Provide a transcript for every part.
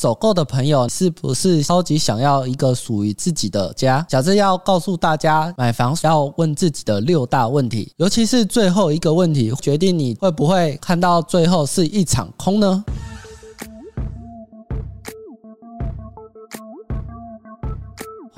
首購的朋友是不是超級想要一個屬於自己的家？小武要告訴大家，買房要問自己的六大問題，尤其是最後一個問題，決定你會不會看到最後是一場空呢？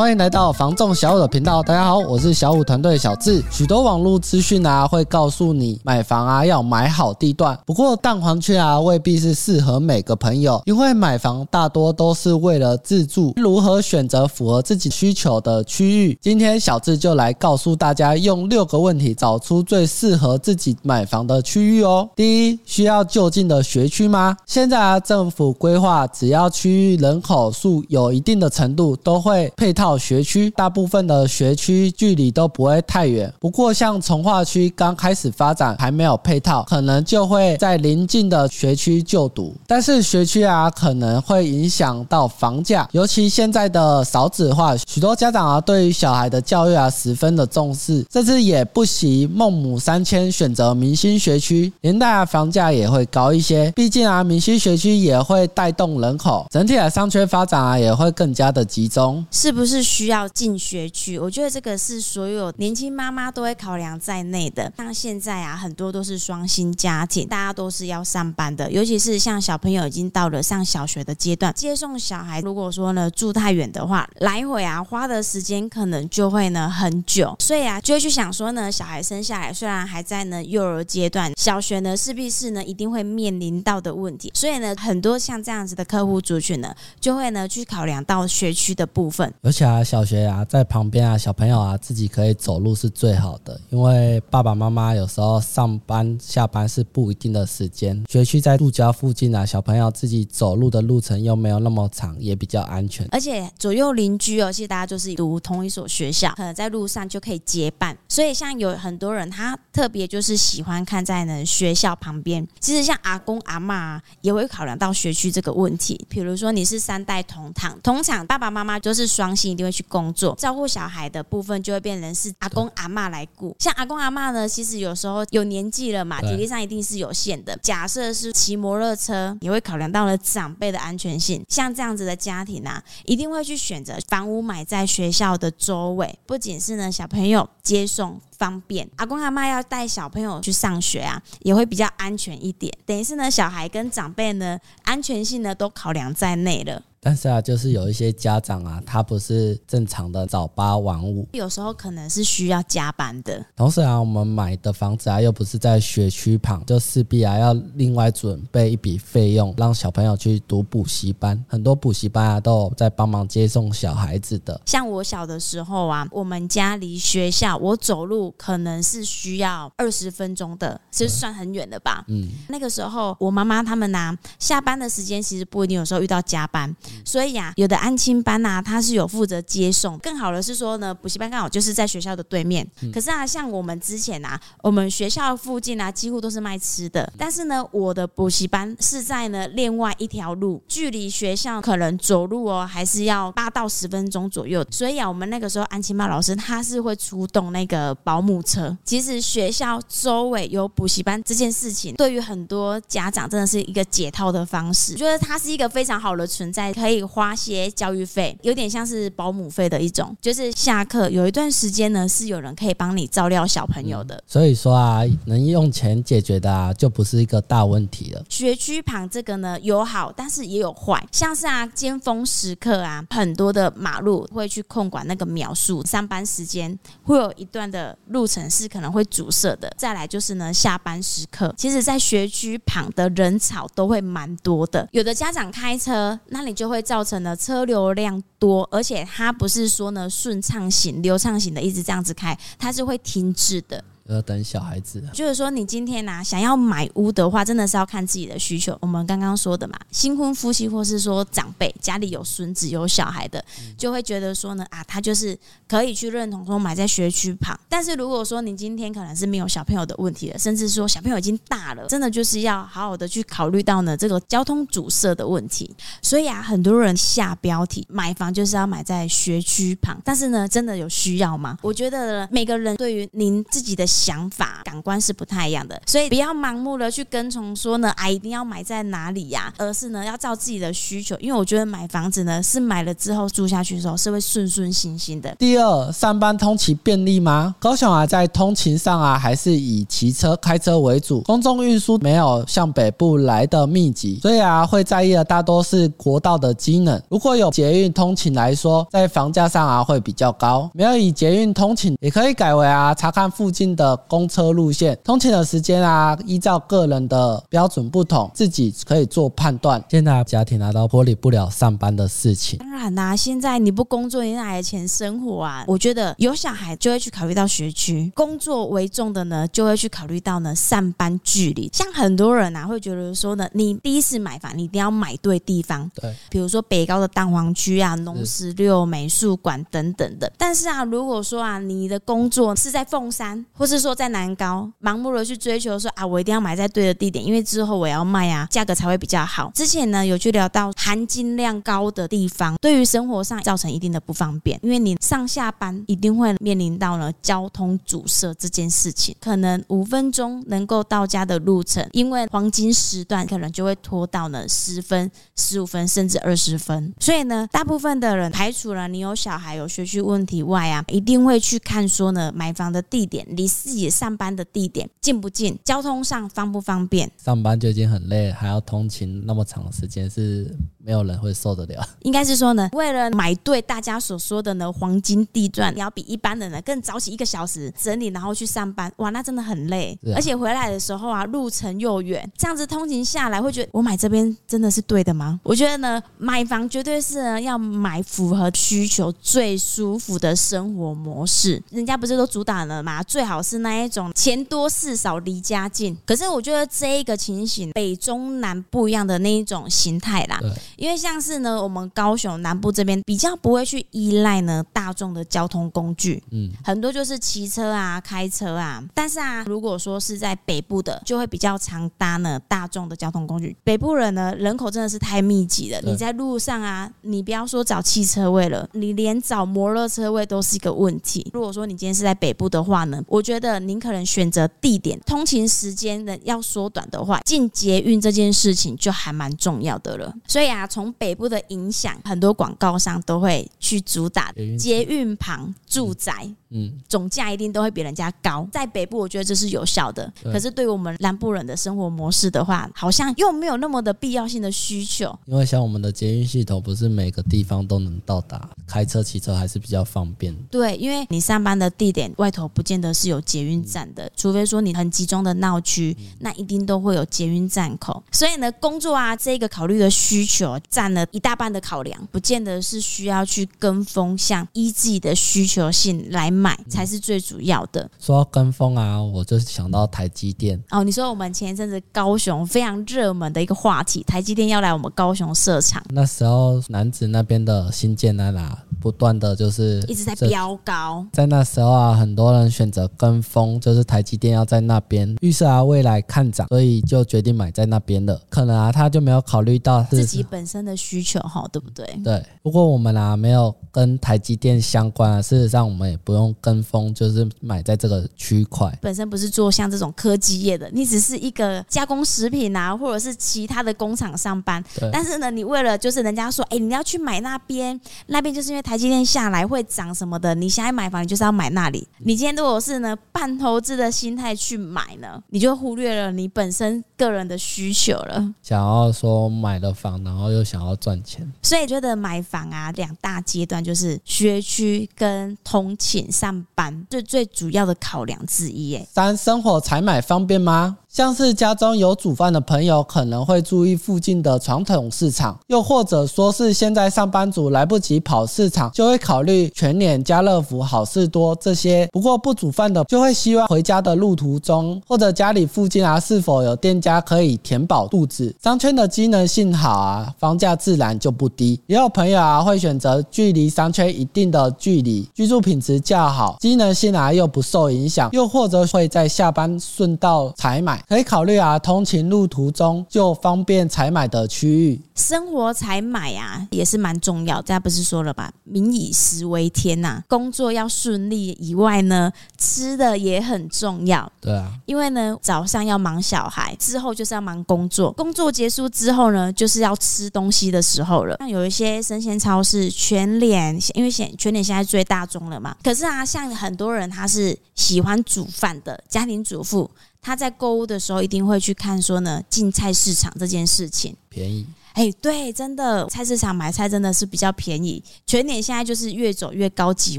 歡迎來到房仲小武的頻道，大家好，我是小武團隊小智。許多網絡資訊啊，會告訴你買房啊要買好地段，不過蛋黃區啊未必是適合每個朋友，因為買房大多都是為了自住，如何選擇符合自己需求的區域？今天小智就來告訴大家，用六個問題找出最適合自己買房的區域哦。第一，需要就近的學區嗎？現在啊，政府規劃只要區域人口數有一定的程度，都會配套。學區大部分的學區距離都不會太遠，不過像重劃區剛開始發展還沒有配套，可能就會在臨近的學區就讀。但是學區啊，可能會影響到房價，尤其現在的少子化，許多家長啊對於小孩的教育啊十分的重視，甚至也不惜孟母三遷選擇明星學區，連帶啊房價也會高一些。畢竟啊明星學區也會帶動人口，整體的商圈發展啊也會更加的集中，是不是？需要進學區，我覺得這個是所有年輕媽媽都會考量在內的。像現在啊，很多都是雙薪家庭，大家都是要上班的。尤其是像小朋友已經到了上小學的階段，接送小孩如果說呢住太遠的話，來回啊花的時間可能就會呢很久，所以啊就會去想說呢，小孩生下來雖然還在呢幼兒階段，小學呢勢必是呢一定會面臨到的問題。所以呢，很多像這樣子的客戶族群呢，就會呢去考量到學區的部分，而且。啊、小學啊，在旁邊啊，小朋友啊，自己可以走路是最好的，因為爸爸媽媽有時候上班下班是不一定的時間。學區在住家附近啊，小朋友自己走路的路程又沒有那麼長，也比較安全。而且左右鄰居哦，其實大家就是讀同一所學校，可能在路上就可以結伴。所以像有很多人，他特別就是喜歡看在呢學校旁邊。其實像阿公阿嬤、啊、也會考量到學區這個問題。比如說你是三代同堂，通常爸爸媽媽就是雙薪。一定會去工作，照顧小孩的部分就會變成是阿公阿嬤來顧。像阿公阿嬤呢，其實有時候有年紀了嘛，體力上一定是有限的。假設是騎摩托車，也會考量到了長輩的安全性。像這樣子的家庭啊，一定會去選擇房屋買在學校的周圍，不僅是呢小朋友接送方便，阿公阿嬤要帶小朋友去上學啊，也會比較安全一點。等於是呢，小孩跟長輩呢安全性呢都考量在內了。但是啊，就是有一些家長啊，他不是正常的早八晚五，有時候可能是需要加班的。同時啊，我們買的房子啊，又不是在學區旁，就勢必啊要另外準備一筆費用，讓小朋友去讀補習班。很多補習班啊都有在幫忙接送小孩子的。像我小的時候啊，我們家離學校，我走路可能是需要二十分鐘的，其實算很遠的吧。嗯，那個時候我媽媽他們吶、啊，下班的時間其實不一定，有時候遇到加班。所以呀、啊，有的安親班吶、啊，他是有負責接送。更好的是說呢，補習班剛好就是在學校的對面。嗯、可是啊，像我們之前啊，我們學校附近啊，幾乎都是賣吃的。但是呢，我的補習班是在呢另外一條路，距離學校可能走路哦，還是要八到十分鐘左右。所以呀、啊，我們那個時候安親班老師他是會出動那個保姆車。其實學校周圍有補習班這件事情，對於很多家長真的是一個解套的方式。我覺得它是一個非常好的存在。可以花些教育費，有點像是保姆費的一種，就是下課有一段時間呢，是有人可以幫你照料小朋友的。所以說啊，能用錢解決的啊，就不是一個大問題了。學區旁這個呢，有好，但是也有壞，像是啊，尖峰時刻啊，很多的馬路會去控管那個描述，上班時間會有一段的路程是可能會阻塞的。再來就是呢，下班時刻，其實在學區旁的人潮都會蠻多的，有的家長開車，那你就。會造成了車流量多，而且它不是說呢，順暢型、流暢型的，一直這樣子開，它是會停滯的。要等小孩子，就是說，你今天吶、啊、想要買屋的話，真的是要看自己的需求。我們剛剛說的嘛，新婚夫妻或是說長輩家裡有孫子有小孩的，就會覺得說呢啊，他就是可以去認同說買在學區旁。但是如果說你今天可能是沒有小朋友的問題了，甚至說小朋友已經大了，真的就是要好好的去考慮到呢這個交通阻塞的問題。所以啊，很多人下標題買房就是要買在學區旁，但是呢，真的有需要嗎？我覺得每個人對於您自己的。想法、感官是不太一樣的，所以不要盲目的去跟從說呢，啊，一定要買在哪裡呀、啊？而是呢，要照自己的需求。因為我覺得買房子呢，是買了之後住下去的時候是會順順心心的。第二，上班通勤便利嗎？高雄啊，在通勤上啊，還是以騎車、開車為主，公衆運輸沒有向北部來的密集，所以啊，會在意的大多是國道的機能。如果有捷運通勤來說，在房價上啊會比較高。沒有以捷運通勤，也可以改為啊，查看附近的。的公車路線、通勤的時間啊，依照個人的標準不同，自己可以做判斷。現在、啊、家庭啊都脫離不了上班的事情，當然啦、啊，現在你不工作，你哪來錢生活啊？我覺得有小孩就會去考慮到學區，工作為重的呢，就會去考慮到呢上班距離。像很多人啊會覺得說呢，你第一次買房，你一定要買對地方。對，比如說北高的蛋黃區啊、農十是六美術館等等的。但是啊，如果說啊你的工作是在鳳山或是是說在南高，盲目的去追求說啊，我一定要買在對的地點，因為之後我要賣啊，價格才會比較好。之前呢有去聊到含金量高的地方，對於生活上造成一定的不方便，因為你上下班一定會面臨到呢交通阻塞這件事情，可能五分鐘能夠到家的路程，因為黃金時段可能就會拖到呢十分、十五分甚至二十分。所以呢，大部分的人排除了你有小孩有學區問題外啊，一定會去看說呢買房的地點，自己上班的地點近不近？交通上方不方便？上班就已經很累，還要通勤那麼長時間，是沒有人會受得了。應該是說呢，為了買對大家所說的呢黃金地段，你要比一般人呢更早起一個小時整理，然後去上班。哇，那真的很累，啊、而且回來的時候啊，路程又遠，這樣子通勤下來會覺得我買這邊真的是對的嗎？我覺得呢，買房絕對是要買符合需求、最舒服的生活模式。人家不是都主打了嗎？最好是。是那一種錢多事少離家近，可是我覺得這一個情形北中南不一樣的那一種形態啦。因為像是呢，我們高雄南部這邊比較不會去依賴呢大眾的交通工具，嗯，很多就是騎車啊、開車啊。但是啊，如果說是在北部的，就會比較常搭呢大眾的交通工具。北部人呢人口真的是太密集了，你在路上啊，你不要說找汽車位了，你連找摩托車位都是一個問題。如果說你今天是在北部的話呢，我覺得。的，您可能選擇地點、通勤時間的要縮短的話，進捷運這件事情就還蠻重要的了。所以啊，從北部的影響，很多廣告商都會去主打捷運旁住宅。嗯，總價一定都會比人家高。在北部，我覺得這是有效的。可是，對於我們南部人的生活模式的話，好像又沒有那麼的必要性的需求。因為像我們的捷運系統，不是每個地方都能到達，開車、騎車還是比較方便。對，因為你上班的地點外頭不見得是有捷運站的，除非說你很集中的鬧區，那一定都會有捷運站口。所以呢，工作啊這個考慮的需求佔了一大半的考量，不見得是需要去跟風，向依自己的需求性來，買才是最主要的。嗯、說到跟風啊，我就想到台積電。哦，你說我們前一陣子高雄非常熱門的一個話題，台積電要來我們高雄設廠。那時候楠梓那邊的新建案啊，不斷的就是一直在飆高在。在那時候啊，很多人選擇跟風，就是台積電要在那邊預設啊，未來看漲，所以就決定買在那邊了。可能啊，他就沒有考慮到自己本身的需求哈、哦，對不對、嗯？對。不過我們啊，沒有跟台積電相關啊，事實上我們也不用。跟風就是買在這個區塊，本身不是做像這種科技業的，你只是一個加工食品啊，或者是其他的工廠上班。對 但是呢，你為了就是人家說，哎，你要去買那邊，那邊就是因為台積電下來會漲什麼的，你想要買房，你就是要買那裡。你今天如果是呢半投資的心態去買呢，你就忽略了你本身個人的需求了。想要說買了房，然後又想要賺錢，所以覺得買房啊，兩大階段就是學區跟通勤。上班最最主要的考量之一耶，三、生活採買方便嗎？像是家中有煮飯的朋友，可能會注意附近的傳統市場，又或者說是現在上班族來不及跑市場，就會考慮全聯家樂福、好事多這些。不過不煮飯的，就會希望回家的路途中或者家裡附近啊，是否有店家可以填飽肚子。商圈的機能性好啊，房價自然就不低。也有朋友啊，會選擇距離商圈一定的距離，居住品質較好，機能性啊又不受影響，又或者會在下班順道採買。可以考慮啊，通勤路途中就方便採買的區域，生活採買啊也是蠻重要。大家不是說了吧，“民以食為天啊”吶，工作要順利以外呢，吃的也很重要。對啊，因為呢，早上要忙小孩，之後就是要忙工作，工作結束之後呢，就是要吃東西的時候了。像有一些生鮮超市，全聯，因為全聯現在最大眾了嘛。可是啊，像很多人他是喜歡煮飯的家庭主婦。他在購物的時候一定會去看說呢，進菜市場這件事情便宜。哎、欸，對，真的，菜市場買菜真的是比較便宜。全年現在就是越走越高級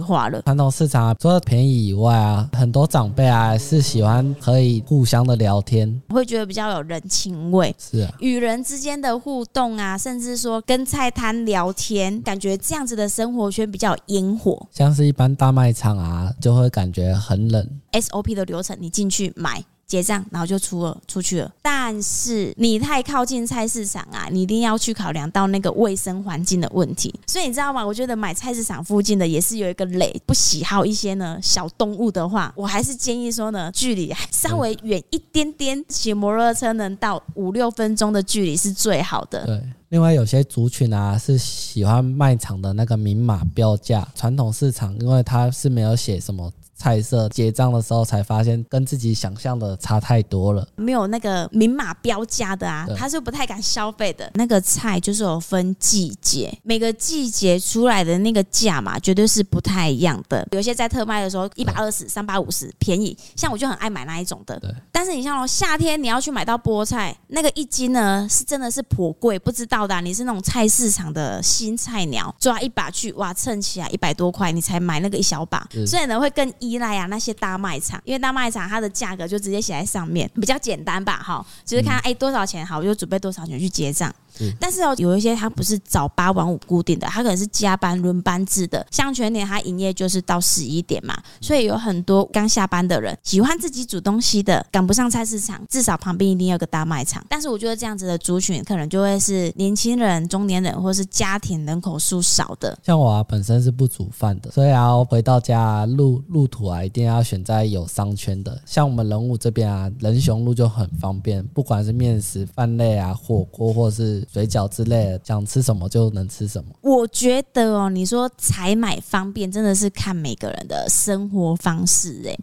化了，傳統市場啊、除了便宜以外啊，很多長輩啊是喜歡可以互相的聊天，會覺得比較有人情味。是啊，與人之間的互動啊，甚至說跟菜攤聊天，感覺這樣子的生活圈比較煙火。像是一般大賣場啊，就會感覺很冷。SOP 的流程，你進去買。結賬，然後就出了，出去了。但是你太靠近菜市場啊，你一定要去考量到那個衛生環境的問題。所以你知道嗎？我覺得買菜市場附近的也是有一個雷，不喜好一些呢小動物的話，我還是建議說呢，距離稍微遠一點點，騎摩托車能到五六分鐘的距離是最好的。對，另外有些族群啊是喜歡賣場的那個明碼標價，傳統市場因為它是沒有寫什麼。菜色結賬的時候才發現跟自己想象的差太多了，沒有那個明碼標價的啊，他是不太敢消費的。那個菜就是有分季節，每個季節出來的那個價嘛，絕對是不太一樣的。有些在特賣的時候一百二十、三百五十便宜，像我就很愛買那一種的。對，但是你像、喔、夏天你要去買到菠菜，那個一斤呢是真的是頗貴，不知道的、啊、你是那種菜市場的新菜鳥，抓一把去哇稱起來一百多塊，你才買那個一小把，所以呢會更易。依賴呀，那些大賣場，因為大賣場它的價格就直接寫在上面，比較簡單吧，哈，就是看哎、欸、多少錢，好，我就準備多少錢去結賬。是但是哦，有一些他不是早八晚五固定的，他可能是加班輪班制的。像全年他營業就是到十一點嘛，所以有很多剛下班的人喜歡自己煮東西的，趕不上菜市場，至少旁邊一定要有個大賣場。但是我覺得這樣子的族群，可能就會是年輕人、中年人或是家庭人口數少的。像我啊，本身是不煮飯的，所以啊，我回到家、啊、路路途啊，一定要選在有商圈的。像我們仁武這邊啊，仁雄路就很方便，不管是麵食、飯類啊、火鍋或是。水餃之類的，想吃什麼就能吃什麼。我覺得哦，你說採買方便，真的是看每個人的生活方式誒。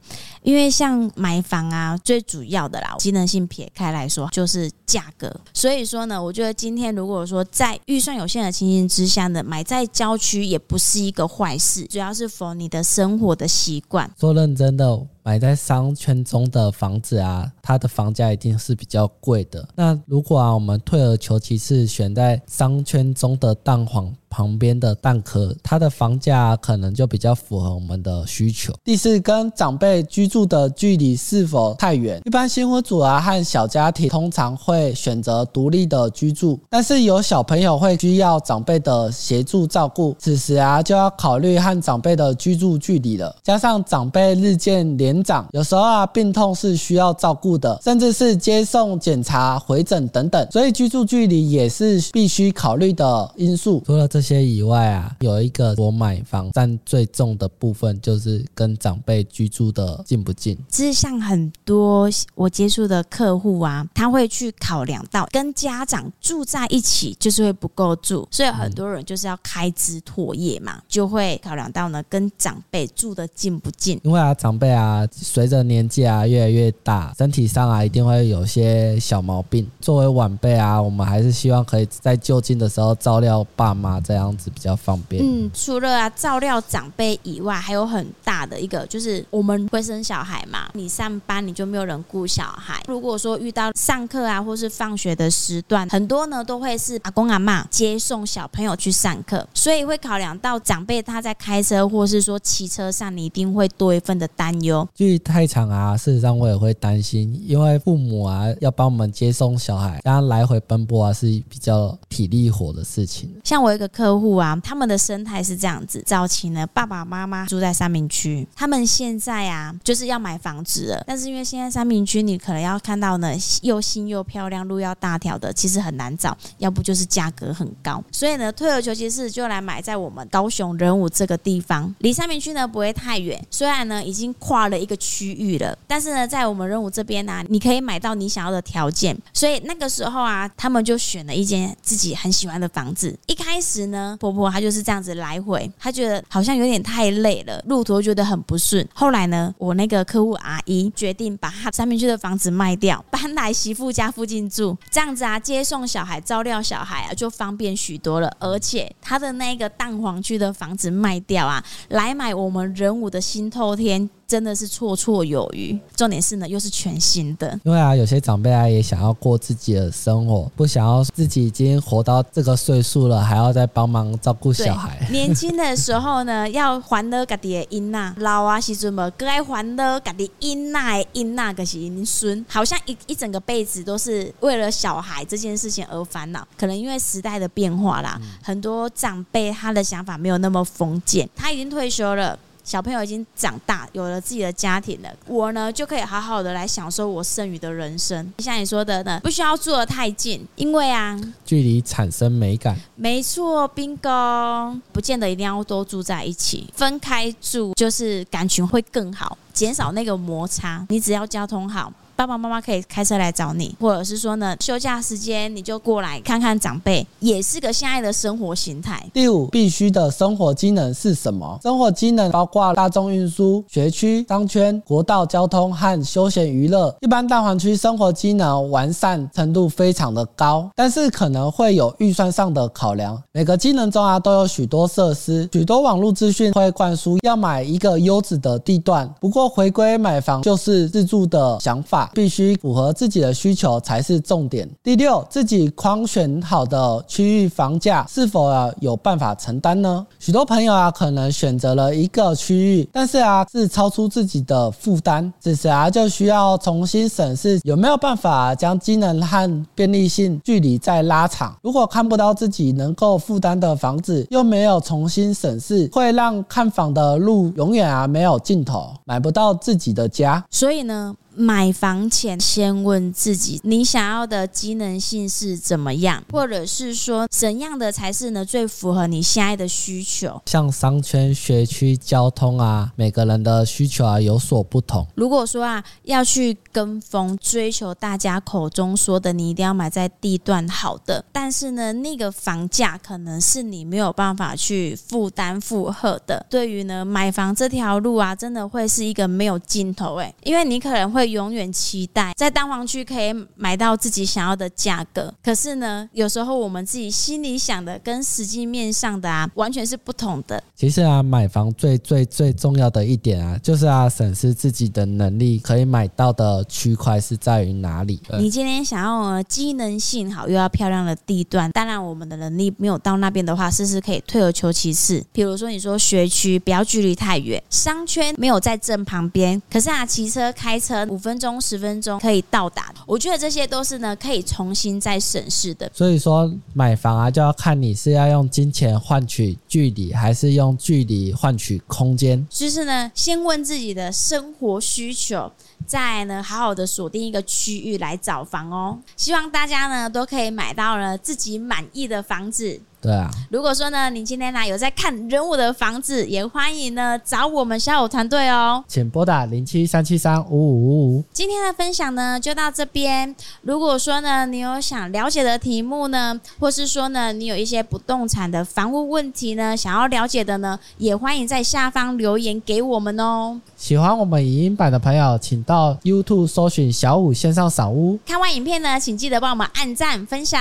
因為像買房啊，最主要的啦，機能性撇開來說，就是價格。所以說呢，我覺得今天如果說在預算有限的情形之下呢，買在郊區也不是一個壞事。主要是 for 你的生活的習慣。說認真的，買在商圈中的房子啊，它的房價一定是比較貴的。那如果啊，我們退而求其次。是選在商圈中的蛋黃。旁邊的蛋殼，它的房價可能就比較符合我們的需求。第四，跟長輩居住的距離是否太遠？一般新婚族啊和小家庭通常會選擇獨立的居住，但是有小朋友會需要長輩的協助照顧，此時啊就要考慮和長輩的居住距離了。加上長輩日漸年長，有時候啊病痛是需要照顧的，甚至是接送、檢查、回診等等，所以居住距離也是必須考慮的因素。除了這。這些以外啊，有一個我買房，但最重的部分就是跟長輩居住的近不近。其實像很多我接觸的客戶啊，他會去考量到跟家長住在一起就是會不夠住，所以很多人就是要開枝拓葉嘛，嗯、就會考量到呢跟長輩住的近不近。因為啊，長輩啊，隨着年紀啊越來越大，身體上啊一定會有些小毛病。作為晚輩啊，我們還是希望可以在就近的時候照料爸媽。這樣子比較方便。嗯，除了啊照料長輩以外，還有很大的一個就是我們會生小孩嘛，你上班你就沒有人顧小孩。如果說遇到上課啊，或是放學的時段，很多呢都會是阿公阿嬤，接送小朋友去上課，所以會考量到長輩他在開車或是說騎車上，你一定會多一份的擔憂。距離太長啊，事實上我也會擔心，因為父母啊要幫我們接送小孩，大家來回奔波啊是比較體力活的事情。像我一個。客戶啊，他們的生態是這樣子。早期呢，爸爸媽媽住在三民區，他們現在啊，就是要買房子了。但是因為現在三民區，你可能要看到呢，又新又漂亮，路要大條的，其實很難找，要不就是價格很高。所以呢，退而求其次，就來買在我們高雄仁武這個地方，離三民區呢不會太遠。雖然呢，已經跨了一個區域了，但是呢，在我們仁武這邊呢、啊，你可以買到你想要的條件。所以那個時候啊，他們就選了一間自己很喜歡的房子。一開始呢，婆婆她就是這樣子來回，她覺得好像有點太累了，路途覺得很不順。後來呢，我那個客戶阿姨決定把她三民區的房子賣掉，搬來媳婦家附近住，這樣子啊，接送小孩、照料小孩啊，就方便許多了。而且她的那個蛋黃區的房子賣掉啊，來買我們仁武的新透天，真的是綽綽有餘，重點是呢，又是全新的。因為啊，有些長輩啊，也想要過自己的生活，不想要自己已經活到這個歲數了，還要再幫忙照顧小孩。年輕的時候呢， 要自己的的還要自己的家己的囡仔，老啊是什麼該還的家己的囡仔囡仔個囡孫，好像一一整個輩子都是為了小孩這件事情而煩惱。可能因為時代的變化啦，嗯、很多長輩他的想法沒有那麼封建。他已經退休了。小朋友已經長大，有了自己的家庭了。我呢，就可以好好的來享受我剩餘的人生。像你說的呢，呢不需要住得太近，因為啊，距離產生美感。沒錯，兵哥，不見得一定要多住在一起，分開住就是感情會更好，減少那個摩擦。你只要交通好，爸爸媽媽可以開車來找你，或者是說呢，休假時間你就過來看看長輩，也是個現代的生活形態。第五，必須的生活機能是什麼？生活機能包括大眾運輸、學區、商圈、國道交通和休閒娛樂。一般蛋黃區生活機能完善程度非常的高，但是可能會有預算上的考量。每個機能中啊都有許多設施，許多網絡資訊會灌輸要買一個優質的地段，不過回歸買房就是自住的想法。必須符合自己的需求才是重點。第六，自己框選好的區域房價是否要有辦法承擔呢？許多朋友啊，可能選擇了一個區域，但是啊，是超出自己的負擔，此時啊，就需要重新審視有沒有辦法將機能和便利性距離再拉長。如果看不到自己能夠負擔的房子，又沒有重新審視，會讓看房的路永遠啊沒有盡頭，買不到自己的家。所以呢，買房前先問自己，你想要的機能性是怎麼樣，或者是說怎樣的才是呢最符合你現在的需求？像商圈、學區、交通啊，每個人的需求啊有所不同。如果說啊要去跟風追求大家口中說的，你一定要買在地段好的，但是呢，那個房價可能是你沒有辦法去負擔負荷的。對於呢買房這條路啊，真的會是一個沒有盡頭誒、欸，因為你可能會。永遠期待在蛋黃區可以買到自己想要的價格，可是呢，有時候我們自己心裡想的跟實際面上的啊，完全是不同的。其實啊，買房最最最重要的一點啊，就是啊，審視自己的能力可以買到的區塊是在於哪裡啊。你今天想要機能性好又要漂亮的地段，當然我們的能力沒有到那邊的話，是不是可以退而求其次。比如說，你說學區不要距離太遠，商圈沒有在正旁邊，可是啊，騎車、開車。五分鐘、十分鐘可以到達，我覺得這些都是呢，可以重新再審視的。所以說，買房啊，就要看你是要用金錢換取距離，還是用距離換取空間。就是呢，先問自己的生活需求，再呢，好好的鎖定一個區域來找房哦。希望大家呢，都可以買到了自己滿意的房子。對啊，如果說呢，你今天呢有在看仁武的房子，也歡迎呢找我們小武團隊哦。請撥打零七三七三五五五五。今天的分享呢就到這邊。如果說呢，你有想了解的題目呢，或是說呢，你有一些不動產的房屋問題呢想要了解的呢，也歡迎在下方留言給我們哦。喜歡我們影音版的朋友，請到 YouTube 搜尋小武線上賞屋。看完影片呢，請記得幫我們按讚分享。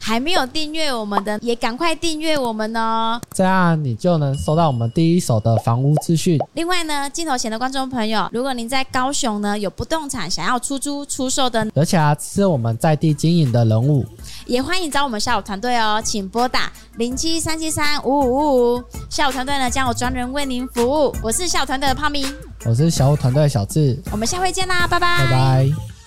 還沒有訂閱我們的也感。趕快訂閱我們哦，這樣你就能收到我們第一手的房屋資訊。另外呢，鏡頭前的觀眾朋友，如果您在高雄呢有不動產想要出租、出售的，而且啊是我們在地經營的仁武，也歡迎找我們小武團隊哦，請撥打零七三七三五五五五。小武團隊呢將有專人為您服務。我是小武團隊的胖明，我是小武團隊的小智，我們下回見啦，拜拜，拜拜。